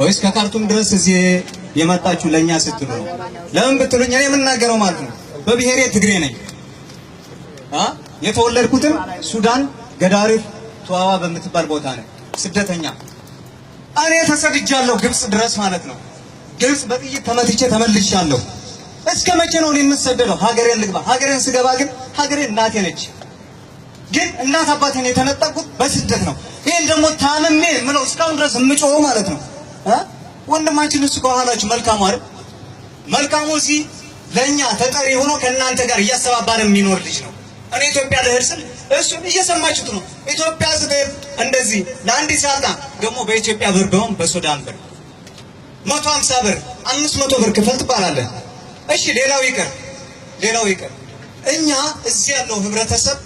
ወይስ ከካርቱም ድረስ እዚህ የመጣችሁ ለእኛ ስትሉ ነው? ለምን ብትሉኝ እኔ የምናገረው ማለት ነው በብሔሬ ትግሬ ነኝ። የተወለድኩትም ሱዳን ገዳሪፍ ተዋዋ በምትባል ቦታ ነው። ስደተኛ እኔ ተሰድጃለሁ፣ ግብፅ ድረስ ማለት ነው። ግብፅ በጥይት ተመትቼ ተመልሻለሁ። እስከ መቼ ነው የምሰደደው? ሀገሬን ልግባ። ሀገሬን ስገባ ግን ሀገሬን እናቴ ነች። ግን እናት አባቴን የተነጠቁት በስደት ነው። ይህን ደግሞ ታምሜ ምለው እስካሁን ድረስ የምጮኸው ማለት ነው። ወንድማችን እሱ ከኋላችሁ መልካሙ አይደል? መልካሙ እዚህ ለእኛ ተጠሪ ሆኖ ከእናንተ ጋር እያስተባባረ የሚኖር ልጅ ነው። እኔ ኢትዮጵያ ልሄድ ስል እሱን እየሰማችሁት ነው። ኢትዮጵያ ስትሄድ እንደዚህ ለአንዲት ሰዓት ደግሞ በኢትዮጵያ ብር ደውም በሱዳን ብር መቶ ሀምሳ ብር አምስት መቶ ብር ክፈል ትባላለህ። እሺ ሌላው ይቀር ሌላው ይቀር እኛ እዚህ ያለው ህብረተሰብ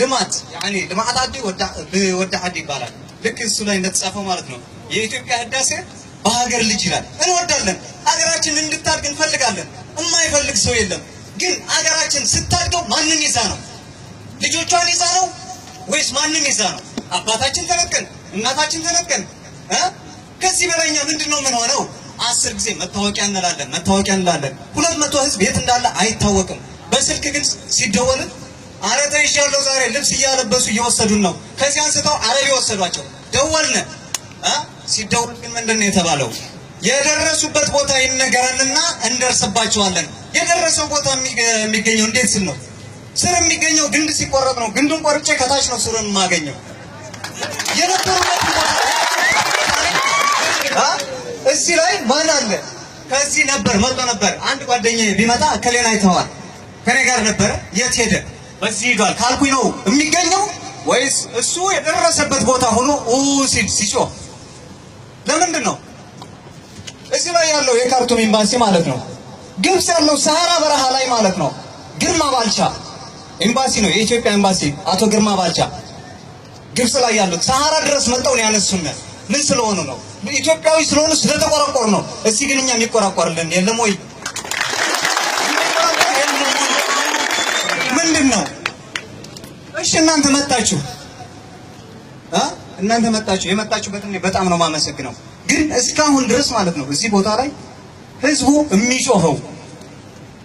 ልማት ልማት አዲ ወዳ ሀዲ ይባላል ልክ እሱ ላይ እንደተጻፈው ማለት ነው። የኢትዮጵያ ህዳሴ በሀገር ልጅ ይላል። እንወዳለን፣ ሀገራችን እንድታድግ እንፈልጋለን። የማይፈልግ ሰው የለም። ግን ሀገራችን ስታድገው ማንን ይዛ ነው? ልጆቿን ይዛ ነው ወይስ ማንም ይዛ ነው? አባታችን ተነቀን፣ እናታችን ተነቀን። ከዚህ በላይኛ ምንድን ነው ምን ሆነው? አስር ጊዜ መታወቂያ እንላለን፣ መታወቂያ እንላለን። ሁለት መቶ ህዝብ የት እንዳለ አይታወቅም። በስልክ ግን ሲደወልን አረ ተይዣለሁ ዛሬ ልብስ እያለበሱ እየወሰዱን ነው። ከዚህ አንስተው አረብ የወሰዷቸው ደወልን እ ግን ምንድን ነው የተባለው? የደረሱበት ቦታ ይነገራልና እንደርስባቸዋለን። የደረሰው ቦታ የሚገኘው እንዴት ስል ነው? ስር የሚገኘው ግንድ ሲቆረጥ ነው። ግንዱን ቆርጬ ከታች ነው ስሩን የማገኘው። የነበሩበት እዚህ ላይ ማን አለ? ከዚህ ነበር መጥቶ ነበር አንድ ጓደኛ ቢመጣ ከሌላ አይተዋል። ከኔ ጋር ነበረ። የት ሄደ? በዚህ ሂዷል ካልኩኝ ነው የሚገኘው ወይስ እሱ የደረሰበት ቦታ ሆኖ ሲድ ሲጮ ለምንድን ነው እዚህ ላይ ያለው የካርቱም ኤምባሲ ማለት ነው ግብፅ ያለው ሰሃራ በረሃ ላይ ማለት ነው ግርማ ባልቻ ኤምባሲ ነው የኢትዮጵያ ኤምባሲ አቶ ግርማ ባልቻ ግብፅ ላይ ያሉት ሰሃራ ድረስ መጠው ነው ያነሱን ምን ስለሆኑ ነው ኢትዮጵያዊ ስለሆኑ ስለተቆረቆሩ ነው እዚህ ግን እኛ የሚቆራቆርልን የለም ወይ ትንሽ እናንተ መጣችሁ እ እናንተ መጣችሁ የመጣችሁበት በጣም ነው የማመሰግነው። ግን እስካሁን ድረስ ማለት ነው እዚህ ቦታ ላይ ህዝቡ የሚጮኸው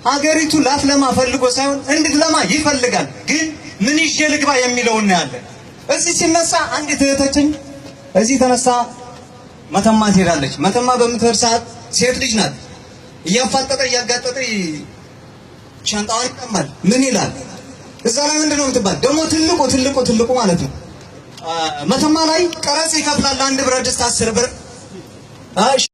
ሀገሪቱ ላትለማ ፈልጎ ሳይሆን እንድትለማ ይፈልጋል። ግን ምን ይዤ ልግባ የሚለው ነው ያለ። እዚህ ሲነሳ አንድ እህታችን እዚህ ተነሳ መተማ ትሄዳለች። መተማ በምትሄድ ሰዓት ሴት ልጅ ናት። እያፋጠጠ እያጋጠጠ ሻንጣዋን ይቀማል። ምን ይላል እዛ ላይ ምንድን ነው የምትባል ደግሞ ትልቁ ትልቁ ትልቁ ማለት ነው። መተማ ላይ ቀረጽ ይከፍላል። አንድ ብረት ድስት አስር ብር